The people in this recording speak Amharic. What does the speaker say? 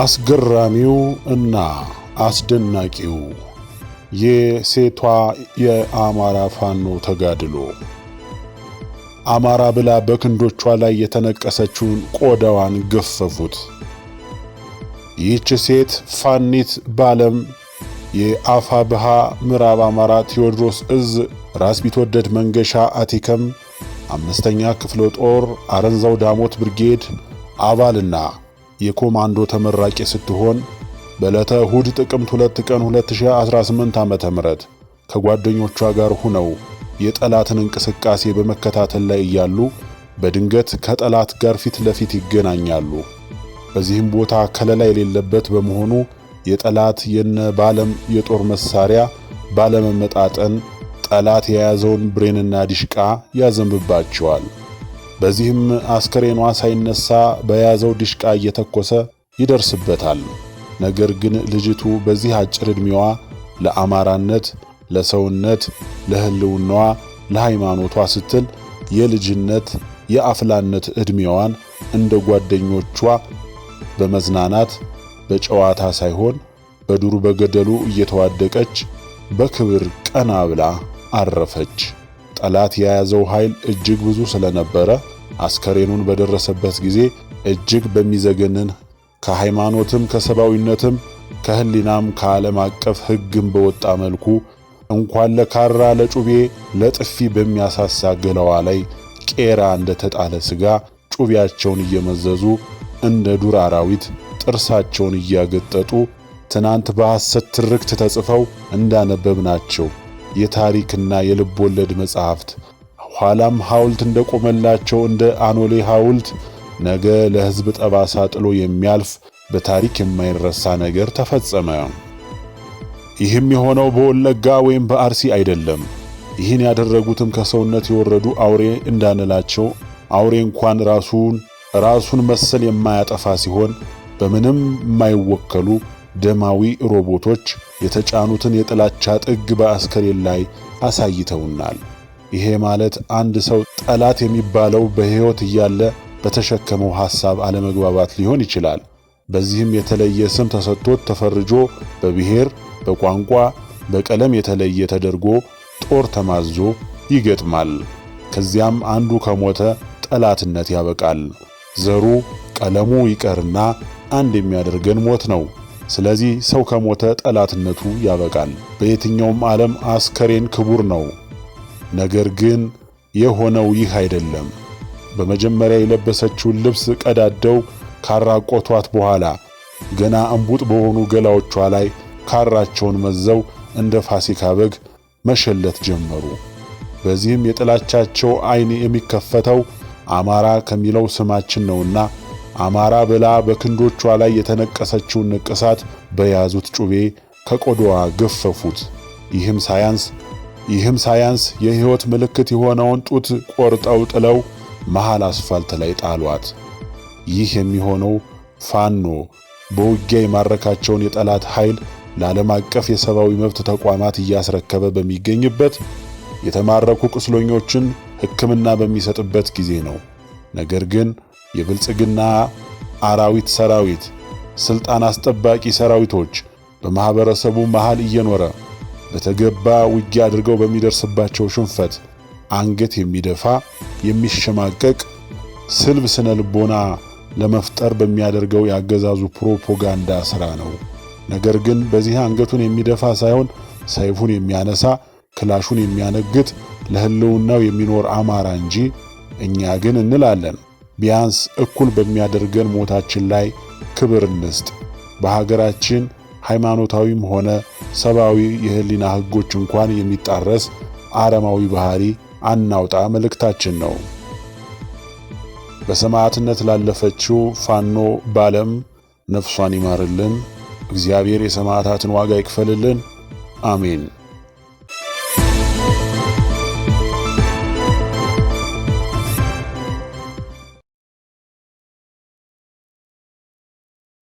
አስገራሚው እና አስደናቂው የሴቷ የአማራ ፋኖ ተጋድሎ አማራ ብላ በክንዶቿ ላይ የተነቀሰችውን ቆዳዋን ገፈፉት። ይህች ሴት ፋኒት ባለም ብሃ ምዕራብ አማራ ቴዎድሮስ እዝ ራስ ቢትወደድ መንገሻ አቲከም አምስተኛ ክፍለ ጦር አረንዛው ዳሞት ብርጌድ አባልና የኮማንዶ ተመራቂ ስትሆን በዕለተ እሁድ ጥቅምት 2 ቀን 2018 ዓ.ም ምህረት ከጓደኞቿ ጋር ሁነው የጠላትን እንቅስቃሴ በመከታተል ላይ እያሉ በድንገት ከጠላት ጋር ፊት ለፊት ይገናኛሉ። በዚህም ቦታ ከለላ የሌለበት በመሆኑ የጠላት የነ ባለም የጦር መሳሪያ ባለመመጣጠን ጠላት የያዘውን ብሬንና ዲሽቃ ያዘንብባቸዋል። በዚህም አስከሬኗ ሳይነሳ በያዘው ዲሽቃ እየተኮሰ ይደርስበታል። ነገር ግን ልጅቱ በዚህ አጭር ዕድሜዋ ለአማራነት፣ ለሰውነት፣ ለህልውናዋ ለሃይማኖቷ ስትል የልጅነት የአፍላነት ዕድሜዋን እንደ ጓደኞቿ በመዝናናት በጨዋታ ሳይሆን በዱሩ በገደሉ እየተዋደቀች በክብር ቀና ብላ አረፈች። ጠላት የያዘው ኃይል እጅግ ብዙ ስለነበረ አስከሬኑን በደረሰበት ጊዜ እጅግ በሚዘገንን ከሃይማኖትም ከሰብአዊነትም ከህሊናም ከዓለም አቀፍ ሕግም በወጣ መልኩ እንኳን ለካራ ለጩቤ ለጥፊ በሚያሳሳ ገለዋ ላይ ቄራ እንደ ተጣለ ሥጋ ጩቤያቸውን እየመዘዙ እንደ ዱር አራዊት ጥርሳቸውን እያገጠጡ ትናንት በሐሰት ትርክት ተጽፈው እንዳነበብናቸው የታሪክና የልብ ወለድ መጻሕፍት ኋላም ሐውልት እንደቆመላቸው እንደ አኖሌ ሐውልት ነገ ለሕዝብ ጠባሳ ጥሎ የሚያልፍ በታሪክ የማይረሳ ነገር ተፈጸመ። ይህም የሆነው በወለጋ ወይም በአርሲ አይደለም። ይህን ያደረጉትም ከሰውነት የወረዱ አውሬ እንዳንላቸው አውሬ እንኳን ራሱን ራሱን መሰል የማያጠፋ ሲሆን በምንም የማይወከሉ ደማዊ ሮቦቶች የተጫኑትን የጥላቻ ጥግ በአስከሬን ላይ አሳይተውናል። ይሄ ማለት አንድ ሰው ጠላት የሚባለው በሕይወት እያለ በተሸከመው ሐሳብ አለመግባባት ሊሆን ይችላል። በዚህም የተለየ ስም ተሰጥቶት ተፈርጆ በብሔር፣ በቋንቋ፣ በቀለም የተለየ ተደርጎ ጦር ተማዞ ይገጥማል። ከዚያም አንዱ ከሞተ ጠላትነት ያበቃል። ዘሩ፣ ቀለሙ ይቀርና አንድ የሚያደርገን ሞት ነው። ስለዚህ ሰው ከሞተ ጠላትነቱ ያበቃል። በየትኛውም ዓለም አስከሬን ክቡር ነው። ነገር ግን የሆነው ይህ አይደለም። በመጀመሪያ የለበሰችውን ልብስ ቀዳደው ካራቆቷት በኋላ ገና እምቡጥ በሆኑ ገላዎቿ ላይ ካራቸውን መዘው እንደ ፋሲካ በግ መሸለት ጀመሩ። በዚህም የጥላቻቸው አይን የሚከፈተው አማራ ከሚለው ስማችን ነውና አማራ ብላ በክንዶቿ ላይ የተነቀሰችውን ንቅሳት በያዙት ጩቤ ከቆዳዋ ገፈፉት። ይህም ሳያንስ ይህም ሳያንስ የሕይወት ምልክት የሆነውን ጡት ቆርጠው ጥለው መሃል አስፋልት ላይ ጣሏት። ይህ የሚሆነው ፋኖ በውጊያ የማረካቸውን የጠላት ኃይል ለዓለም አቀፍ የሰብአዊ መብት ተቋማት እያስረከበ በሚገኝበት የተማረኩ ቁስለኞችን ሕክምና በሚሰጥበት ጊዜ ነው። ነገር ግን የብልጽግና አራዊት ሰራዊት፣ ስልጣን አስጠባቂ ሰራዊቶች በማህበረሰቡ መሃል እየኖረ በተገባ ውጊያ አድርገው በሚደርስባቸው ሽንፈት አንገት የሚደፋ የሚሸማቀቅ ስልብ ስነ ልቦና ለመፍጠር በሚያደርገው የአገዛዙ ፕሮፖጋንዳ ሥራ ነው። ነገር ግን በዚህ አንገቱን የሚደፋ ሳይሆን ሰይፉን የሚያነሳ ክላሹን የሚያነግት ለህልውናው የሚኖር አማራ እንጂ እኛ ግን እንላለን ቢያንስ እኩል በሚያደርገን ሞታችን ላይ ክብር እንስጥ። በሀገራችን ሃይማኖታዊም ሆነ ሰብአዊ የህሊና ህጎች እንኳን የሚጣረስ አረማዊ ባህሪ አናውጣ መልእክታችን ነው። በሰማዕትነት ላለፈችው ፋኖ ባለም ነፍሷን ይማርልን። እግዚአብሔር የሰማዕታትን ዋጋ ይክፈልልን። አሜን።